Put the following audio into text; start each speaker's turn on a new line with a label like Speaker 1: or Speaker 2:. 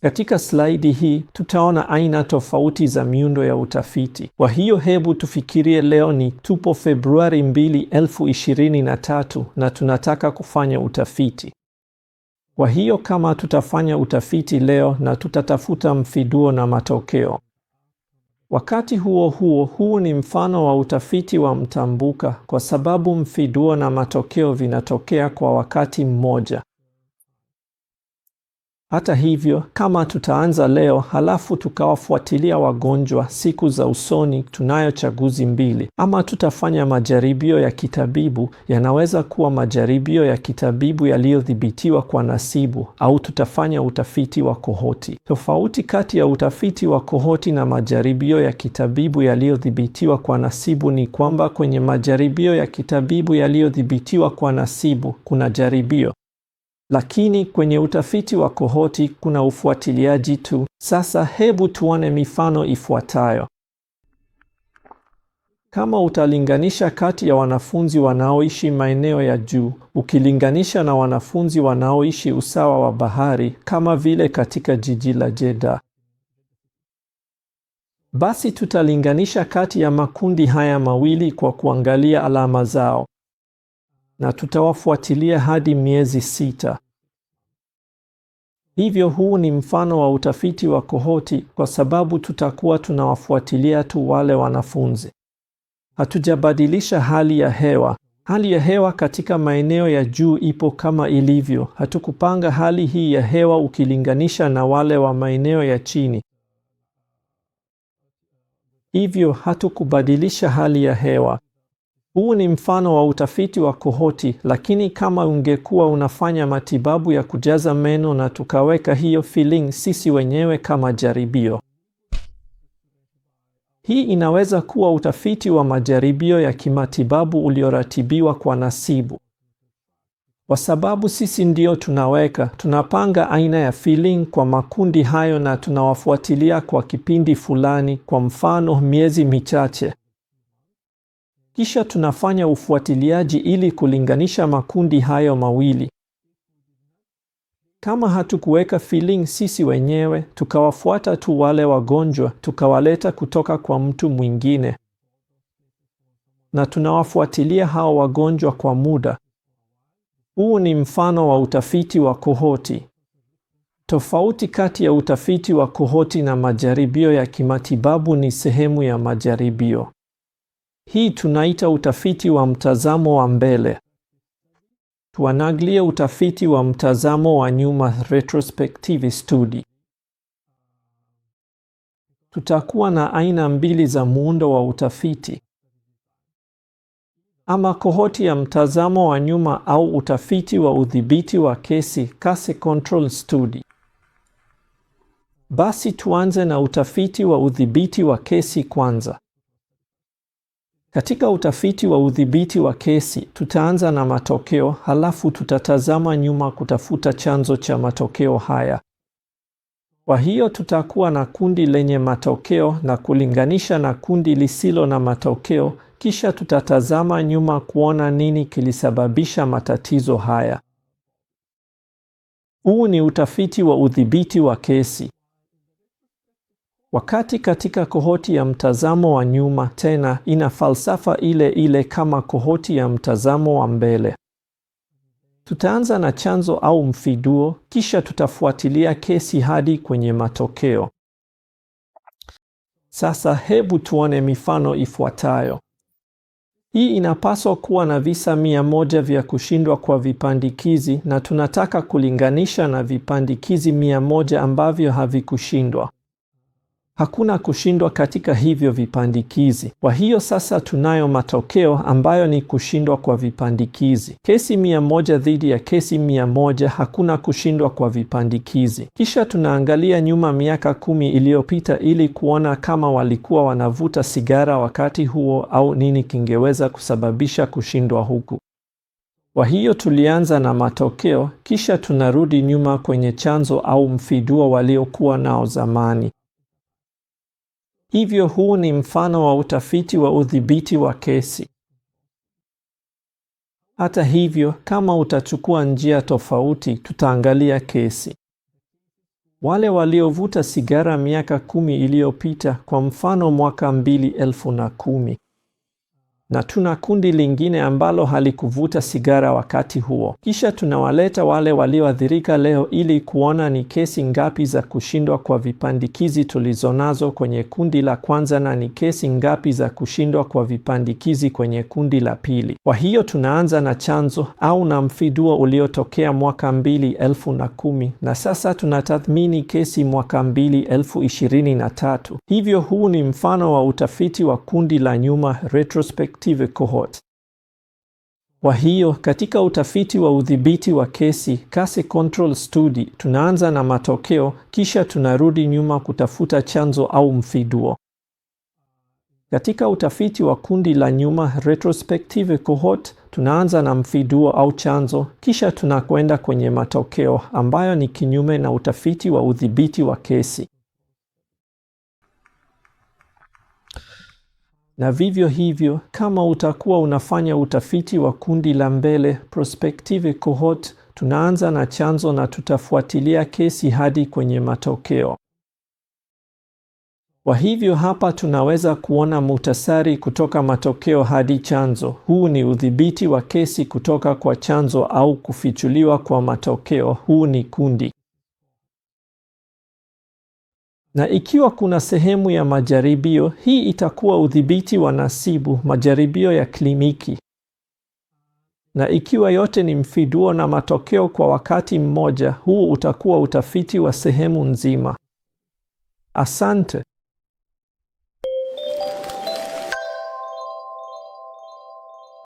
Speaker 1: Katika slaidi hii tutaona aina tofauti za miundo ya utafiti. Kwa hiyo hebu tufikirie leo ni tupo Februari 2, 2023 na tunataka kufanya utafiti. Kwa hiyo kama tutafanya utafiti leo na tutatafuta mfiduo na matokeo. Wakati huo huo, huu ni mfano wa utafiti wa mtambuka kwa sababu mfiduo na matokeo vinatokea kwa wakati mmoja. Hata hivyo, kama tutaanza leo halafu tukawafuatilia wagonjwa siku za usoni, tunayo chaguzi mbili: ama tutafanya majaribio ya kitabibu, yanaweza kuwa majaribio ya kitabibu yaliyodhibitiwa kwa nasibu, au tutafanya utafiti wa kohoti. Tofauti kati ya utafiti wa kohoti na majaribio ya kitabibu yaliyodhibitiwa kwa nasibu ni kwamba kwenye majaribio ya kitabibu yaliyodhibitiwa kwa nasibu kuna jaribio lakini kwenye utafiti wa kohoti kuna ufuatiliaji tu. Sasa hebu tuone mifano ifuatayo. Kama utalinganisha kati ya wanafunzi wanaoishi maeneo ya juu ukilinganisha na wanafunzi wanaoishi usawa wa bahari kama vile katika jiji la Jeddah, basi tutalinganisha kati ya makundi haya mawili kwa kuangalia alama zao na tutawafuatilia hadi miezi sita. Hivyo huu ni mfano wa utafiti wa kohoti, kwa sababu tutakuwa tunawafuatilia tu wale wanafunzi. Hatujabadilisha hali ya hewa. Hali ya hewa katika maeneo ya juu ipo kama ilivyo. Hatukupanga hali hii ya hewa ukilinganisha na wale wa maeneo ya chini, hivyo hatukubadilisha hali ya hewa. Huu ni mfano wa utafiti wa kohoti, lakini kama ungekuwa unafanya matibabu ya kujaza meno na tukaweka hiyo filling sisi wenyewe kama jaribio. Hii inaweza kuwa utafiti wa majaribio ya kimatibabu ulioratibiwa kwa nasibu, kwa sababu sisi ndio tunaweka, tunapanga aina ya filling kwa makundi hayo na tunawafuatilia kwa kipindi fulani, kwa mfano miezi michache. Kisha tunafanya ufuatiliaji ili kulinganisha makundi hayo mawili. Kama hatukuweka filling sisi wenyewe, tukawafuata tu wale wagonjwa, tukawaleta kutoka kwa mtu mwingine, na tunawafuatilia hao wagonjwa kwa muda. Huu ni mfano wa utafiti wa kohoti. Tofauti kati ya utafiti wa kohoti na majaribio ya kimatibabu ni sehemu ya majaribio. Hii tunaita utafiti wa mtazamo wa mbele. tuanaglie utafiti wa mtazamo wa nyuma, retrospective study. Tutakuwa na aina mbili za muundo wa utafiti, ama kohoti ya mtazamo wa nyuma au utafiti wa udhibiti wa kesi, case control study. Basi tuanze na utafiti wa udhibiti wa kesi kwanza. Katika utafiti wa udhibiti wa kesi, tutaanza na matokeo, halafu tutatazama nyuma kutafuta chanzo cha matokeo haya. Kwa hiyo tutakuwa na kundi lenye matokeo na kulinganisha na kundi lisilo na matokeo, kisha tutatazama nyuma kuona nini kilisababisha matatizo haya. Huu ni utafiti wa udhibiti wa kesi. Wakati katika kohoti ya mtazamo wa nyuma tena ina falsafa ile ile kama kohoti ya mtazamo wa mbele. Tutaanza na chanzo au mfiduo, kisha tutafuatilia kesi hadi kwenye matokeo. Sasa hebu tuone mifano ifuatayo. Hii inapaswa kuwa na visa mia moja vya kushindwa kwa vipandikizi na tunataka kulinganisha na vipandikizi mia moja ambavyo havikushindwa hakuna kushindwa katika hivyo vipandikizi. Kwa hiyo sasa tunayo matokeo ambayo ni kushindwa kwa vipandikizi, kesi mia moja dhidi ya kesi mia moja hakuna kushindwa kwa vipandikizi. Kisha tunaangalia nyuma miaka kumi iliyopita ili kuona kama walikuwa wanavuta sigara wakati huo au nini kingeweza kusababisha kushindwa huku. Kwa hiyo tulianza na matokeo, kisha tunarudi nyuma kwenye chanzo au mfiduo waliokuwa nao zamani. Hivyo huu ni mfano wa utafiti wa udhibiti wa kesi. Hata hivyo, kama utachukua njia tofauti, tutaangalia kesi. Wale waliovuta sigara miaka kumi iliyopita, kwa mfano mwaka mbili elfu na kumi na tuna kundi lingine ambalo halikuvuta sigara wakati huo. Kisha tunawaleta wale walioathirika leo ili kuona ni kesi ngapi za kushindwa kwa vipandikizi tulizonazo kwenye kundi la kwanza na ni kesi ngapi za kushindwa kwa vipandikizi kwenye kundi la pili. Kwa hiyo tunaanza na chanzo au na mfiduo uliotokea mwaka mbili elfu na kumi na sasa tunatathmini kesi mwaka mbili elfu ishirini na tatu. Hivyo huu ni mfano wa utafiti wa kundi la nyuma retrospect Prospective Cohort. Kwa hiyo katika utafiti wa udhibiti wa kesi Case Control Study, tunaanza na matokeo kisha tunarudi nyuma kutafuta chanzo au mfiduo. Katika utafiti wa kundi la nyuma Retrospective Cohort, tunaanza na mfiduo au chanzo kisha tunakwenda kwenye matokeo ambayo ni kinyume na utafiti wa udhibiti wa kesi. Na vivyo hivyo, kama utakuwa unafanya utafiti wa kundi la mbele prospective cohort, tunaanza na chanzo na tutafuatilia kesi hadi kwenye matokeo. Kwa hivyo hapa tunaweza kuona muhtasari kutoka matokeo hadi chanzo. Huu ni udhibiti wa kesi kutoka kwa chanzo au kufichuliwa kwa matokeo. Huu ni kundi na ikiwa kuna sehemu ya majaribio, hii itakuwa udhibiti wa nasibu, majaribio ya kliniki. Na ikiwa yote ni mfiduo na matokeo kwa wakati mmoja, huu utakuwa utafiti wa sehemu nzima. Asante.